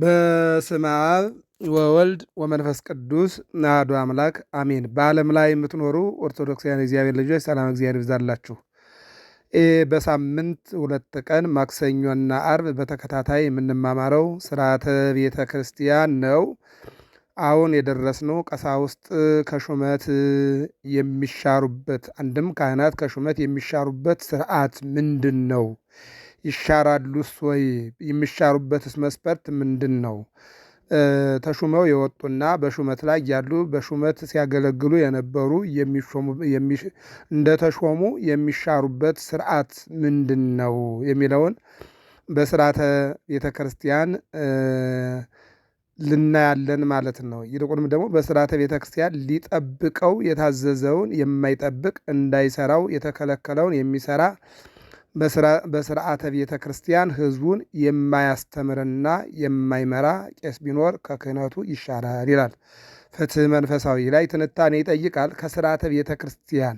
በስመ አብ ወወልድ ወመንፈስ ቅዱስ አሐዱ አምላክ አሜን። በዓለም ላይ የምትኖሩ ኦርቶዶክሳውያን እግዚአብሔር ልጆች ሰላም እግዚአብሔር ይብዛላችሁ። በሳምንት ሁለት ቀን ማክሰኞና አርብ በተከታታይ የምንማማረው ስርዓተ ቤተ ክርስቲያን ነው። አሁን የደረስነው ቀሳውስት ከሹመት የሚሻሩበት አንድም ካህናት ከሹመት የሚሻሩበት ስርዓት ምንድን ነው ይሻራሉስ ወይ? የሚሻሩበትስ መስፈርት ምንድን ነው? ተሹመው የወጡና በሹመት ላይ ያሉ በሹመት ሲያገለግሉ የነበሩ እንደተሾሙ የሚሻሩበት ስርዓት ምንድን ነው የሚለውን በስርዓተ ቤተ ክርስቲያን ልናያለን ማለት ነው። ይልቁንም ደግሞ በስርዓተ ቤተ ክርስቲያን ሊጠብቀው የታዘዘውን የማይጠብቅ እንዳይሰራው የተከለከለውን የሚሰራ በስርዓተ ቤተ ክርስቲያን ህዝቡን የማያስተምርና የማይመራ ቄስ ቢኖር ከክህነቱ ይሻላል ይላል። ፍትህ መንፈሳዊ ላይ ትንታኔ ይጠይቃል። ከስርዓተ ቤተ ክርስቲያን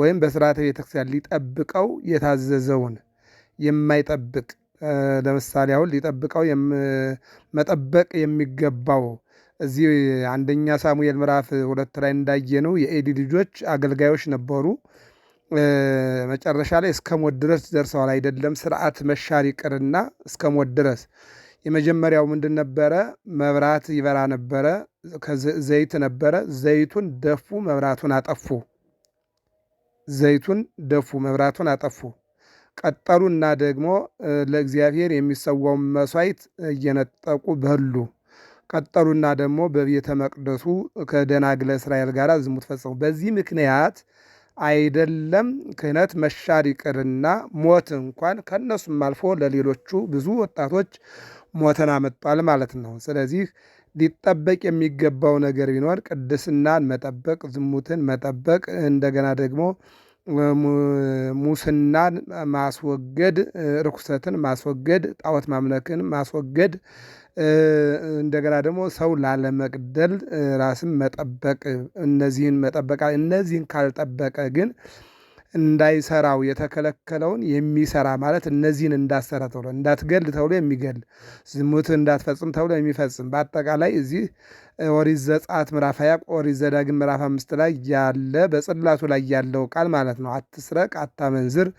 ወይም በስርዓተ ቤተ ክርስቲያን ሊጠብቀው የታዘዘውን የማይጠብቅ ለምሳሌ አሁን ሊጠብቀው መጠበቅ የሚገባው እዚህ አንደኛ ሳሙኤል ምዕራፍ ሁለት ላይ እንዳየነው የኤሊ ልጆች አገልጋዮች ነበሩ። መጨረሻ ላይ እስከ ሞት ድረስ ደርሰዋል። አይደለም ስርዓት መሻር ይቅርና እስከ ሞት ድረስ የመጀመሪያው ምንድን ነበረ? መብራት ይበራ ነበረ፣ ዘይት ነበረ። ዘይቱን ደፉ፣ መብራቱን አጠፉ። ዘይቱን ደፉ፣ መብራቱን አጠፉ። ቀጠሉና ደግሞ ለእግዚአብሔር የሚሰዋውን መሥዋዕት እየነጠቁ በሉ። ቀጠሉና ደግሞ በቤተ መቅደሱ ከደናግለ እስራኤል ጋር ዝሙት ፈጸሙ። በዚህ ምክንያት አይደለም ክህነት መሻር ይቅርና ሞት እንኳን ከእነሱም አልፎ ለሌሎቹ ብዙ ወጣቶች ሞትን አመጧል ማለት ነው። ስለዚህ ሊጠበቅ የሚገባው ነገር ቢኖር ቅድስናን መጠበቅ፣ ዝሙትን መጠበቅ፣ እንደገና ደግሞ ሙስናን ማስወገድ፣ ርኩሰትን ማስወገድ፣ ጣዖት ማምለክን ማስወገድ እንደገና ደግሞ ሰው ላለመግደል ራስን መጠበቅ እነዚህን መጠበቅ እነዚህን ካልጠበቀ ግን እንዳይሰራው የተከለከለውን የሚሰራ ማለት እነዚህን እንዳሰራ ተብሎ እንዳትገል ተብሎ የሚገል ዝሙት እንዳትፈጽም ተብሎ የሚፈጽም በአጠቃላይ እዚህ ኦሪት ዘጸአት ምዕራፍ ሃያ ኦሪት ዘዳግም ምዕራፍ አምስት ላይ ያለ በጽላቱ ላይ ያለው ቃል ማለት ነው። አትስረቅ፣ አታመንዝር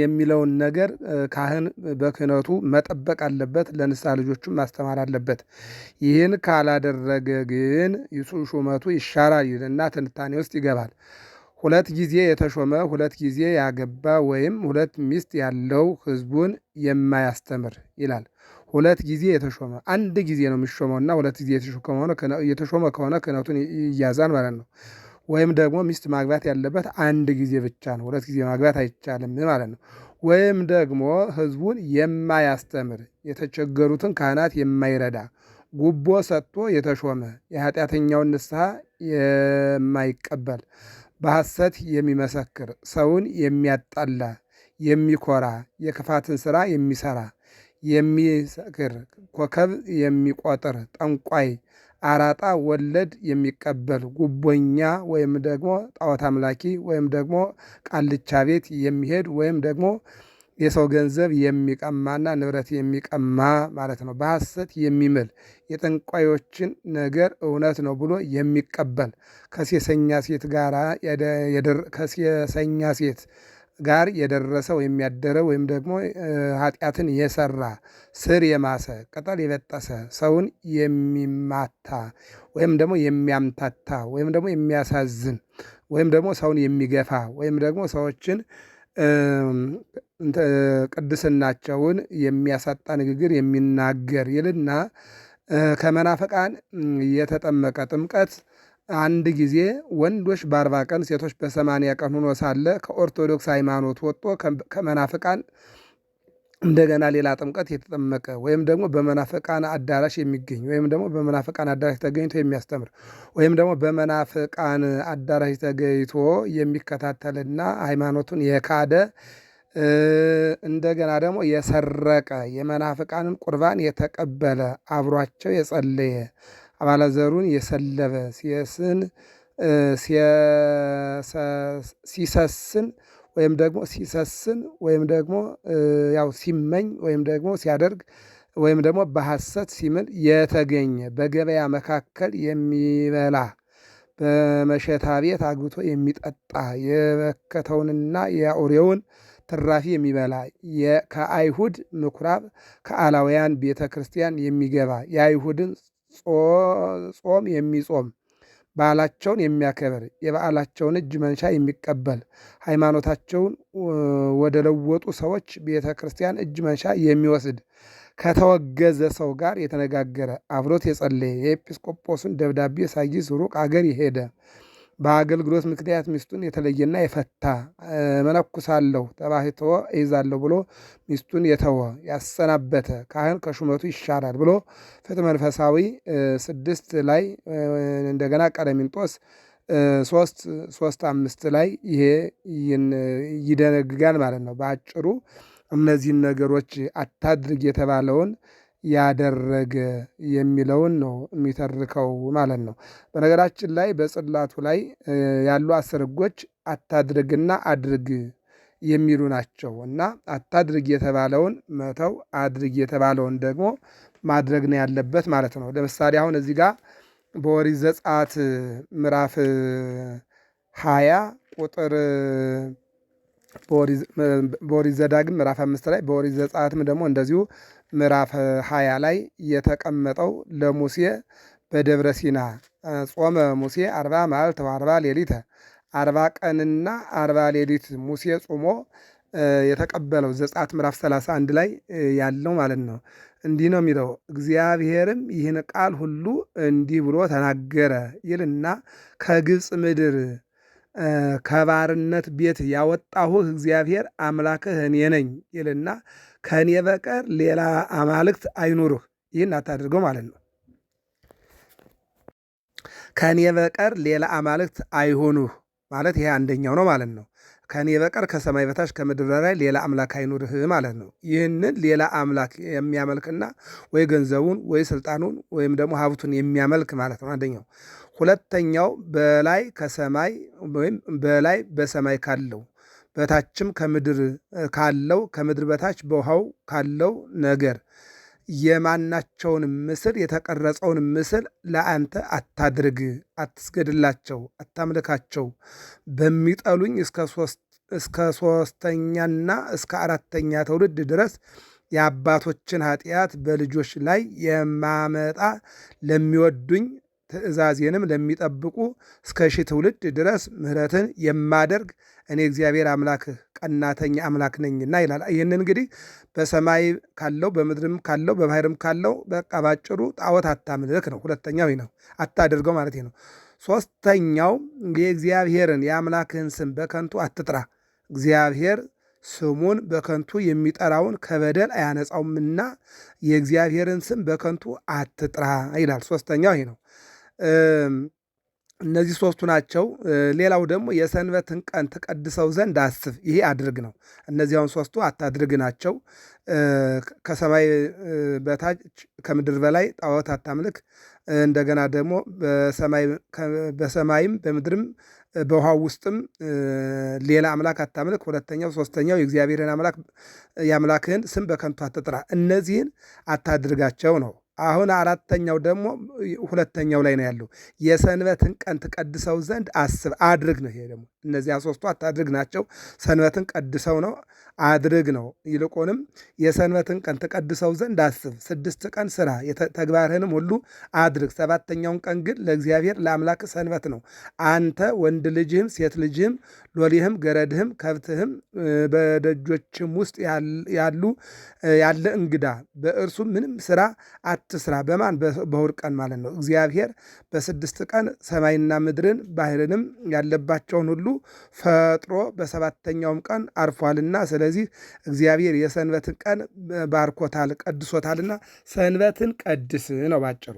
የሚለውን ነገር ካህን በክህነቱ መጠበቅ አለበት፣ ለንስሐ ልጆቹም ማስተማር አለበት። ይህን ካላደረገ ግን ሹመቱ ይሻራል ይልና ትንታኔ ውስጥ ይገባል። ሁለት ጊዜ የተሾመ ሁለት ጊዜ ያገባ ወይም ሁለት ሚስት ያለው ህዝቡን የማያስተምር ይላል። ሁለት ጊዜ የተሾመ አንድ ጊዜ ነው የሚሾመውና ሁለት ጊዜ የተሾመ ከሆነ ክህነቱን ይያዛል ማለት ነው። ወይም ደግሞ ሚስት ማግባት ያለበት አንድ ጊዜ ብቻ ነው፣ ሁለት ጊዜ ማግባት አይቻልም ማለት ነው። ወይም ደግሞ ህዝቡን የማያስተምር የተቸገሩትን ካህናት የማይረዳ ጉቦ ሰጥቶ የተሾመ የኃጢአተኛውን ንስሐ የማይቀበል በሐሰት የሚመሰክር ሰውን የሚያጣላ የሚኮራ የክፋትን ስራ የሚሰራ የሚሰክር ኮከብ የሚቆጥር ጠንቋይ አራጣ ወለድ የሚቀበል ጉቦኛ ወይም ደግሞ ጣዖት አምላኪ ወይም ደግሞ ቃልቻ ቤት የሚሄድ ወይም ደግሞ የሰው ገንዘብ የሚቀማና ንብረት የሚቀማ ማለት ነው። በሐሰት የሚምል የጠንቋዮችን ነገር እውነት ነው ብሎ የሚቀበል ከሴሰኛ ሴት ጋር ከሴሰኛ ሴት ጋር የደረሰ ወይም ያደረ ወይም ደግሞ ኃጢአትን የሰራ ስር የማሰ ቅጠል የበጠሰ ሰውን የሚማታ ወይም ደግሞ የሚያምታታ ወይም ደግሞ የሚያሳዝን ወይም ደግሞ ሰውን የሚገፋ ወይም ደግሞ ሰዎችን ቅድስናቸውን የሚያሳጣ ንግግር የሚናገር ይልና ከመናፈቃን የተጠመቀ ጥምቀት አንድ ጊዜ ወንዶች በአርባ ቀን ሴቶች በሰማንያ ቀን ሆኖ ሳለ ከኦርቶዶክስ ሃይማኖት ወጥቶ ከመናፍቃን እንደገና ሌላ ጥምቀት የተጠመቀ ወይም ደግሞ በመናፍቃን አዳራሽ የሚገኝ ወይም ደግሞ በመናፍቃን አዳራሽ ተገኝቶ የሚያስተምር ወይም ደግሞ በመናፍቃን አዳራሽ ተገኝቶ የሚከታተልና ሃይማኖቱን የካደ እንደገና ደግሞ የሰረቀ የመናፍቃንን ቁርባን የተቀበለ አብሯቸው የጸለየ አባለዘሩን የሰለበ ሲስን ሲሰስን ወይም ደግሞ ሲሰስን ወይም ደግሞ ያው ሲመኝ ወይም ደግሞ ሲያደርግ ወይም ደግሞ በሐሰት ሲምል የተገኘ በገበያ መካከል የሚበላ በመሸታ ቤት አግብቶ የሚጠጣ የበከተውንና የአውሬውን ትራፊ የሚበላ ከአይሁድ ምኩራብ ከአላውያን ቤተ ክርስቲያን የሚገባ የአይሁድን ጾም የሚጾም በዓላቸውን የሚያከብር የበዓላቸውን እጅ መንሻ የሚቀበል ሃይማኖታቸውን ወደ ለወጡ ሰዎች ቤተ ክርስቲያን እጅ መንሻ የሚወስድ ከተወገዘ ሰው ጋር የተነጋገረ አብሮት የጸለየ የኤጲስቆጶስን ደብዳቤ ሳይዝ ሩቅ አገር የሄደ በአገልግሎት ምክንያት ሚስቱን የተለየና የፈታ መነኩሳለሁ ተባሕቶ እይዛለሁ ብሎ ሚስቱን የተወ ያሰናበተ ካህን ከሹመቱ ይሻራል ብሎ ፍትሐ መንፈሳዊ ስድስት ላይ እንደገና ቀለሚንጦስ ሶስት ሶስት አምስት ላይ ይሄ ይደነግጋል ማለት ነው። በአጭሩ እነዚህን ነገሮች አታድርግ የተባለውን ያደረገ የሚለውን ነው የሚተርከው ማለት ነው። በነገራችን ላይ በጽላቱ ላይ ያሉ አስር ህጎች አታድርግና አድርግ የሚሉ ናቸው እና አታድርግ የተባለውን መተው አድርግ የተባለውን ደግሞ ማድረግ ነው ያለበት ማለት ነው። ለምሳሌ አሁን እዚህ ጋር በኦሪት ዘጸአት ምዕራፍ ሀያ ቁጥር በኦሪት ዘዳግም ምዕራፍ አምስት ላይ በኦሪት ዘጸአትም ደግሞ እንደዚሁ ምዕራፍ 20 ላይ የተቀመጠው ለሙሴ በደብረ ሲና ጾመ ሙሴ አርባ መዓልተ ወአርባ ሌሊተ አርባ ቀንና አርባ ሌሊት ሙሴ ጾሞ የተቀበለው ዘጸአት ምዕራፍ 31 ላይ ያለው ማለት ነው። እንዲህ ነው የሚለው እግዚአብሔርም ይህን ቃል ሁሉ እንዲህ ብሎ ተናገረ ይልና ከግብፅ ምድር ከባርነት ቤት ያወጣሁህ እግዚአብሔር አምላክህ እኔ ነኝ ይልና ከእኔ በቀር ሌላ አማልክት አይኑሩህ። ይህን አታድርገው ማለት ነው። ከእኔ በቀር ሌላ አማልክት አይሆኑህ ማለት ይሄ አንደኛው ነው ማለት ነው። ከእኔ በቀር ከሰማይ በታች ከምድር በላይ ሌላ አምላክ አይኑርህ ማለት ነው። ይህንን ሌላ አምላክ የሚያመልክና ወይ ገንዘቡን ወይ ስልጣኑን ወይም ደግሞ ሀብቱን የሚያመልክ ማለት ነው አንደኛው። ሁለተኛው በላይ ከሰማይ ወይም በላይ በሰማይ ካለው በታችም ከምድር ካለው ከምድር በታች በውሃው ካለው ነገር የማናቸውን ምስል የተቀረጸውን ምስል ለአንተ አታድርግ፣ አትስገድላቸው፣ አታምልካቸው። በሚጠሉኝ እስከ ሶስተኛና እስከ አራተኛ ትውልድ ድረስ የአባቶችን ኃጢአት በልጆች ላይ የማመጣ ለሚወዱኝ ትእዛዜንም ለሚጠብቁ እስከ ሺህ ትውልድ ድረስ ምሕረትን የማደርግ እኔ እግዚአብሔር አምላክህ ቀናተኛ አምላክ ነኝና ይላል። ይህን እንግዲህ በሰማይ ካለው በምድርም ካለው በባህርም ካለው በቃ ባጭሩ ጣዖት አታምልክ ነው። ሁለተኛው ነው፣ አታደርገው ማለት ነው። ሶስተኛው የእግዚአብሔርን የአምላክህን ስም በከንቱ አትጥራ። እግዚአብሔር ስሙን በከንቱ የሚጠራውን ከበደል አያነጻውምና የእግዚአብሔርን ስም በከንቱ አትጥራ ይላል። ሶስተኛው ይሄ ነው። እነዚህ ሶስቱ ናቸው። ሌላው ደግሞ የሰንበትን ቀን ትቀድሰው ዘንድ አስብ፣ ይሄ አድርግ ነው። እነዚያውን ሶስቱ አታድርግ ናቸው። ከሰማይ በታች ከምድር በላይ ጣዖት አታምልክ። እንደገና ደግሞ በሰማይም በምድርም በውሃ ውስጥም ሌላ አምላክ አታምልክ። ሁለተኛው ሶስተኛው የእግዚአብሔርን አምላክ የአምላክህን ስም በከንቱ አትጥራ። እነዚህን አታድርጋቸው ነው። አሁን አራተኛው ደግሞ ሁለተኛው ላይ ነው ያለው የሰንበትን ቀን ትቀድሰው ዘንድ አስብ አድርግ ነው። ይሄ ደግሞ እነዚያ ሶስቱ አታድርግ ናቸው። ሰንበትን ቀድሰው ነው አድርግ ነው። ይልቁንም የሰንበትን ቀን ትቀድሰው ዘንድ አስብ። ስድስት ቀን ስራ ተግባርህንም ሁሉ አድርግ። ሰባተኛውን ቀን ግን ለእግዚአብሔር ለአምላክ ሰንበት ነው። አንተ ወንድ ልጅህም ሴት ልጅህም ሎሌህም ገረድህም ከብትህም በደጆችም ውስጥ ያሉ ያለ እንግዳ በእርሱ ምንም ስራ አትስራ። በማን በእሑድ ቀን ማለት ነው። እግዚአብሔር በስድስት ቀን ሰማይና ምድርን ባህርንም ያለባቸውን ሁሉ ሁሉ ፈጥሮ በሰባተኛውም ቀን አርፏልና፣ ስለዚህ እግዚአብሔር የሰንበትን ቀን ባርኮታል ቀድሶታልና ሰንበትን ቀድስ ነው ባጭሩ።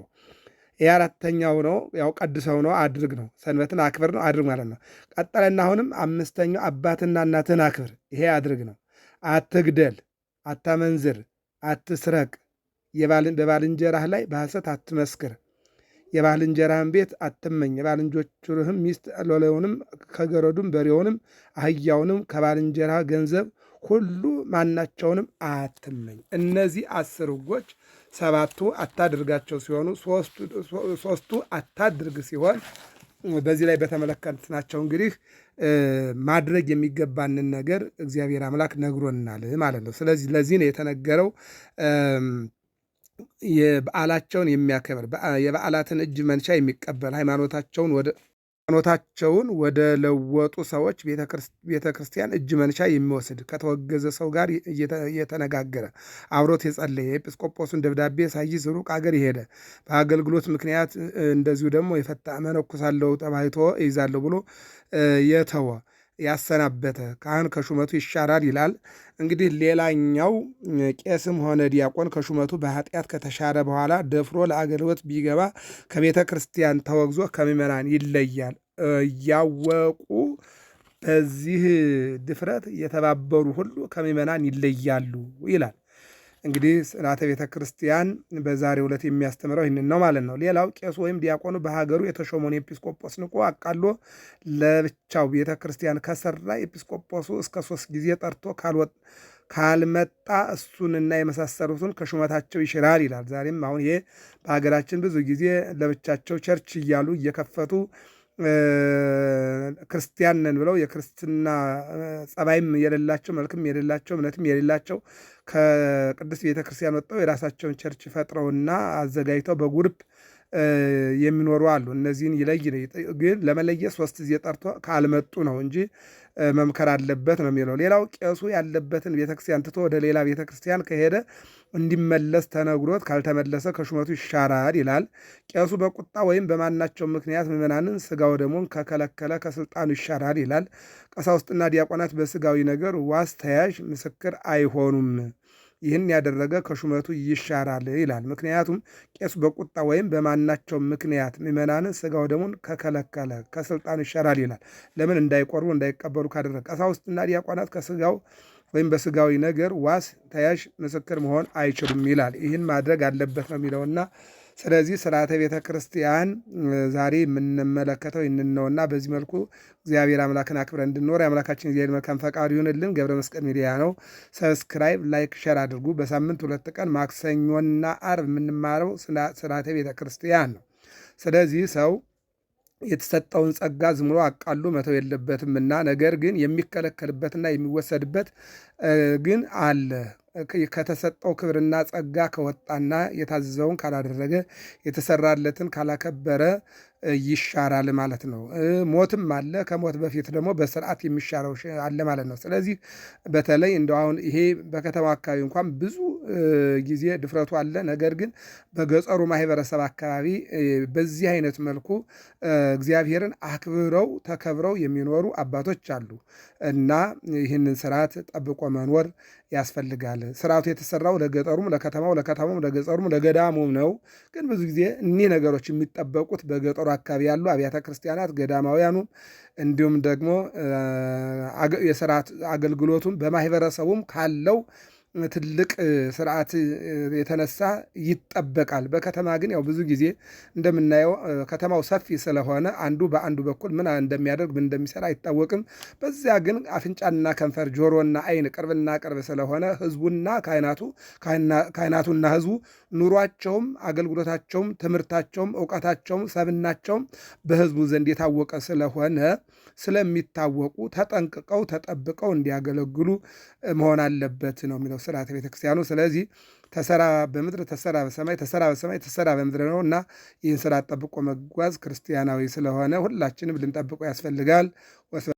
የአራተኛው ነው ያው ቀድሰው ነው አድርግ ነው ሰንበትን አክብር ነው አድርግ ማለት ነው። ቀጠለና አሁንም አምስተኛው አባትና እናትን አክብር ይሄ አድርግ ነው። አትግደል፣ አታመንዝር፣ አትስረቅ፣ በባልንጀራህ ላይ በሐሰት አትመስክር የባልንጀራህን ቤት አትመኝ፣ የባልንጆችህም ሚስት ሎሌውንም፣ ከገረዱም፣ በሬውንም፣ አህያውንም ከባልንጀራ ገንዘብ ሁሉ ማናቸውንም አትመኝ። እነዚህ አስር ህጎች ሰባቱ አታድርጋቸው ሲሆኑ ሶስቱ አታድርግ ሲሆን በዚህ ላይ በተመለከት ናቸው። እንግዲህ ማድረግ የሚገባንን ነገር እግዚአብሔር አምላክ ነግሮናል ማለት ነው። ስለዚህ ለዚህ ነው የተነገረው። የበዓላቸውን የሚያከብር የበዓላትን እጅ መንሻ የሚቀበል ሃይማኖታቸውን ወደ ሃይማኖታቸውን ወደ ለወጡ ሰዎች ቤተ ክርስቲያን እጅ መንሻ የሚወስድ ከተወገዘ ሰው ጋር እየተነጋገረ አብሮት የጸለየ የኤጲስቆጶሱን ደብዳቤ ሳይዝ ሩቅ አገር የሄደ በአገልግሎት ምክንያት እንደዚሁ ደግሞ የፈታ መነኩሳለሁ፣ ተባይቶ ይዛለሁ ብሎ የተወ ያሰናበተ ካህን ከሹመቱ ይሻራል ይላል። እንግዲህ ሌላኛው ቄስም ሆነ ዲያቆን ከሹመቱ በኃጢአት ከተሻረ በኋላ ደፍሮ ለአገልግሎት ቢገባ ከቤተ ክርስቲያን ተወግዞ ከምዕመናን ይለያል። እያወቁ በዚህ ድፍረት የተባበሩ ሁሉ ከምዕመናን ይለያሉ ይላል። እንግዲህ ስርዓተ ቤተ ክርስቲያን በዛሬ ዕለት የሚያስተምረው ይህንን ነው ማለት ነው። ሌላው ቄሱ ወይም ዲያቆኑ በሀገሩ የተሾመውን ኤጲስቆጶስ ንቆ አቃሎ ለብቻው ቤተ ክርስቲያን ከሰራ ኤጲስቆጶሱ እስከ ሶስት ጊዜ ጠርቶ ካልወጥ ካልመጣ እሱንና የመሳሰሉትን ከሹመታቸው ይሽራል ይላል። ዛሬም አሁን ይሄ በሀገራችን ብዙ ጊዜ ለብቻቸው ቸርች እያሉ እየከፈቱ ክርስቲያን ነን ብለው የክርስትና ጸባይም የሌላቸው መልክም የሌላቸው እምነትም የሌላቸው ከቅድስት ቤተ ክርስቲያን ወጥተው የራሳቸውን ቸርች ፈጥረውና አዘጋጅተው በጉርብ የሚኖሩ አሉ። እነዚህን ይለይ ግን ለመለየት ሶስት ጊዜ ጠርቶ ካልመጡ ነው እንጂ መምከር አለበት ነው የሚለው። ሌላው ቄሱ ያለበትን ቤተክርስቲያን ትቶ ወደ ሌላ ቤተክርስቲያን ከሄደ እንዲመለስ ተነግሮት ካልተመለሰ ከሹመቱ ይሻራል ይላል። ቄሱ በቁጣ ወይም በማናቸው ምክንያት ምዕመናንን ስጋው ወደሙን ከከለከለ ከስልጣኑ ይሻራል ይላል። ቀሳውስትና ዲያቆናት በስጋዊ ነገር ዋስ ተያዥ ምስክር አይሆኑም። ይህን ያደረገ ከሹመቱ ይሻራል ይላል። ምክንያቱም ቄሱ በቁጣ ወይም በማናቸው ምክንያት ምእመናንን ስጋው ደሙን ከከለከለ ከስልጣኑ ይሻራል ይላል። ለምን እንዳይቆርቡ እንዳይቀበሉ ካደረገ ቀሳውስትና ዲያቆናት ከስጋው ወይም በስጋዊ ነገር ዋስ ተያዥ ምስክር መሆን አይችሉም ይላል። ይህን ማድረግ አለበት ነው የሚለውና ስለዚህ ስርዓተ ቤተ ክርስቲያን ዛሬ የምንመለከተው ይህንን ነውና በዚህ መልኩ እግዚአብሔር አምላክን አክብረን እንድንኖር የአምላካችን እግዚአብሔር መልካም ፈቃዱ ይሁንልን። ገብረ መስቀል ሚዲያ ነው። ሰብስክራይብ፣ ላይክ፣ ሸር አድርጉ። በሳምንት ሁለት ቀን ማክሰኞና አርብ የምንማረው ስርዓተ ቤተ ክርስቲያን ነው። ስለዚህ ሰው የተሰጠውን ጸጋ ዝም ብሎ አቃሉ መተው የለበትምና ነገር ግን የሚከለከልበትና የሚወሰድበት ግን አለ። ከተሰጠው ክብርና ጸጋ ከወጣና የታዘዘውን ካላደረገ የተሰራለትን ካላከበረ ይሻራል ማለት ነው። ሞትም አለ። ከሞት በፊት ደግሞ በስርዓት የሚሻረው አለ ማለት ነው። ስለዚህ በተለይ እንደ አሁን ይሄ በከተማ አካባቢ እንኳን ብዙ ጊዜ ድፍረቱ አለ። ነገር ግን በገጠሩ ማህበረሰብ አካባቢ በዚህ አይነት መልኩ እግዚአብሔርን አክብረው ተከብረው የሚኖሩ አባቶች አሉ እና ይህንን ስርዓት ጠብቆ መኖር ያስፈልጋል። ስርዓቱ የተሰራው ለገጠሩም፣ ለከተማው፣ ለከተማውም፣ ለገጠሩም፣ ለገዳሙም ነው። ግን ብዙ ጊዜ እኒህ ነገሮች የሚጠበቁት በገጠሩ አካባቢ ያሉ አብያተ ክርስቲያናት ገዳማውያኑም፣ እንዲሁም ደግሞ የስርዓት አገልግሎቱም በማህበረሰቡም ካለው ትልቅ ስርዓት የተነሳ ይጠበቃል። በከተማ ግን ያው ብዙ ጊዜ እንደምናየው ከተማው ሰፊ ስለሆነ አንዱ በአንዱ በኩል ምን እንደሚያደርግ ምን እንደሚሰራ አይታወቅም። በዚያ ግን አፍንጫና ከንፈር ጆሮና አይን ቅርብና ቅርብ ስለሆነ ህዝቡና ካህናቱ ካህናቱና ህዝቡ ኑሯቸውም አገልግሎታቸውም ትምህርታቸውም እውቀታቸውም ሰብናቸውም በህዝቡ ዘንድ የታወቀ ስለሆነ ስለሚታወቁ ተጠንቅቀው ተጠብቀው እንዲያገለግሉ መሆን አለበት ነው የሚለው ስርዓተ ቤተክርስቲያኑ። ስለዚህ ተሰራ በምድር ተሰራ በሰማይ ተሰራ በሰማይ ተሰራ በምድር ነው እና ይህን ስርዓት ጠብቆ መጓዝ ክርስቲያናዊ ስለሆነ ሁላችንም ልንጠብቆ ያስፈልጋል።